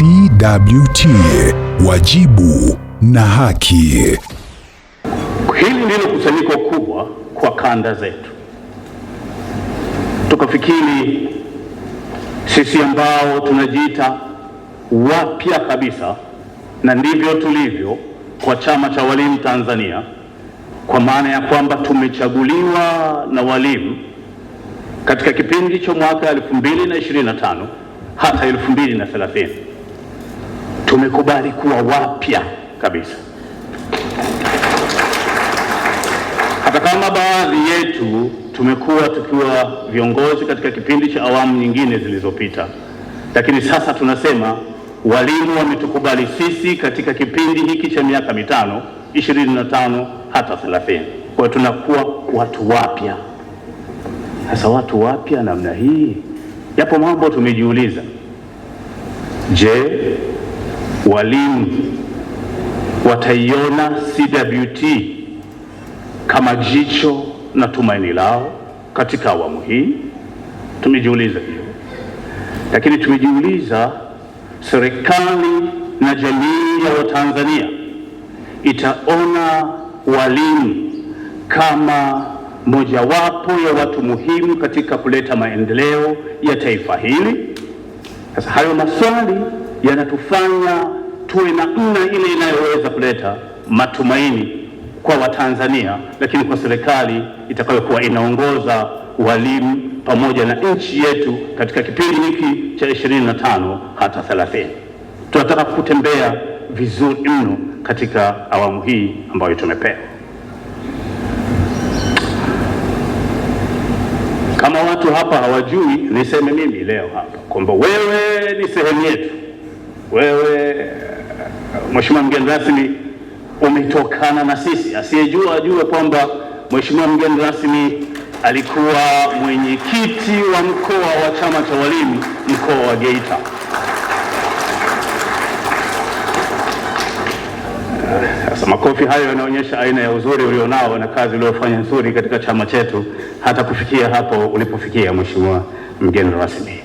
CWT wajibu na haki. Hili ndilo kusanyiko kubwa kwa kanda zetu, tukafikiri sisi ambao tunajiita wapya kabisa, na ndivyo tulivyo kwa Chama cha Walimu Tanzania, kwa maana ya kwamba tumechaguliwa na walimu katika kipindi cha mwaka 2025 hata 2030 tumekubali kuwa wapya kabisa. Hata kama baadhi yetu tumekuwa tukiwa viongozi katika kipindi cha awamu nyingine zilizopita, lakini sasa tunasema walimu wametukubali sisi katika kipindi hiki cha miaka mitano, ishirini na tano hata thelathini. Kwa hiyo tunakuwa watu wapya. Sasa watu wapya namna hii, yapo mambo tumejiuliza. Je, walimu wataiona CWT kama jicho na tumaini lao katika awamu hii. Tumejiuliza hiyo, lakini tumejiuliza serikali na jamii ya Watanzania itaona walimu kama mojawapo ya watu muhimu katika kuleta maendeleo ya taifa hili. Sasa hayo maswali yanatufanya tuwe na nna ile inayoweza kuleta matumaini kwa Watanzania, lakini kwa serikali itakayokuwa inaongoza walimu pamoja na nchi yetu katika kipindi hiki cha 25 hata 30. Tunataka kutembea vizuri mno katika awamu hii ambayo tumepewa. Kama watu hapa hawajui, niseme mimi leo hapa kwamba wewe ni sehemu yetu wewe mheshimiwa mgeni rasmi umetokana na sisi. Asiyejua ajue kwamba mheshimiwa mgeni rasmi alikuwa mwenyekiti wa mkoa wa chama cha walimu mkoa wa Geita. Sasa makofi hayo yanaonyesha aina ya uzuri ulionao na kazi uliofanya nzuri katika chama chetu hata kufikia hapo ulipofikia, mheshimiwa mgeni rasmi.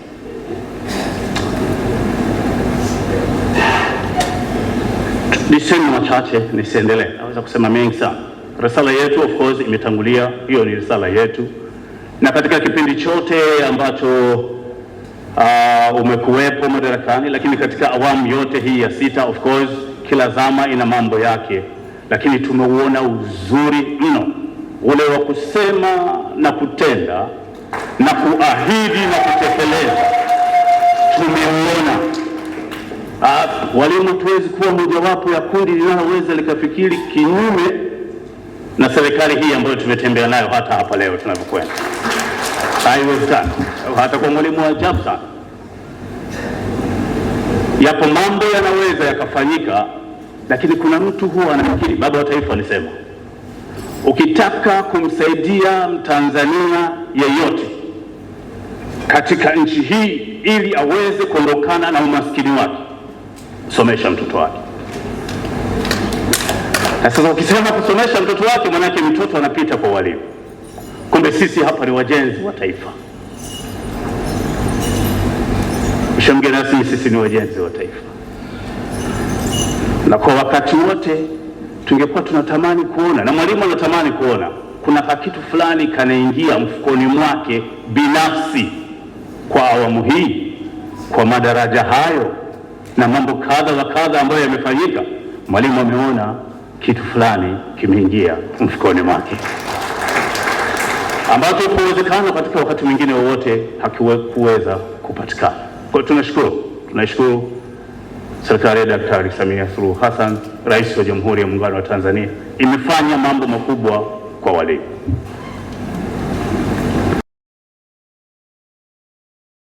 Niseme machache nisiendelee, naweza kusema mengi sana. Risala yetu of course imetangulia, hiyo ni risala yetu, na katika kipindi chote ambacho uh, umekuwepo madarakani, lakini katika awamu yote hii ya sita, of course kila zama ina mambo yake, lakini tumeuona uzuri mno ule wa kusema na kutenda na kuahidi na kutekeleza, tumeuona Ah, walimu tuwezi kuwa mojawapo ya kundi linaloweza likafikiri kinyume na serikali hii ambayo tumetembea nayo hata hapa leo tunavyokwenda. Ah, haiwezekani hata kwa mwalimu wa ajabu sana. Yapo mambo yanaweza yakafanyika, lakini kuna mtu huwa anafikiri, baba wa taifa alisema, ukitaka kumsaidia mtanzania yeyote katika nchi hii ili aweze kuondokana na umaskini wake kusomesha mtoto wake. Na sasa ukisema kusomesha mtoto wake, maanake mtoto anapita kwa walimu. Kumbe sisi hapa ni wajenzi wa taifa. Mgeni rasmi, sisi ni wajenzi wa taifa, na kwa wakati wote tungekuwa tunatamani kuona na mwalimu anatamani kuona kuna kakitu fulani kanaingia mfukoni mwake binafsi kwa awamu hii, kwa madaraja hayo na mambo kadha wa kadha ambayo yamefanyika, mwalimu ameona kitu fulani kimeingia mfukoni mwake ambacho kuwezekana katika wakati mwingine wowote hakiweza kupatikana. Kwa tunashukuru, tunashukuru serikali ya Daktari Samia Suluhu Hassan, rais wa Jamhuri ya Muungano wa Tanzania, imefanya mambo makubwa kwa walimu.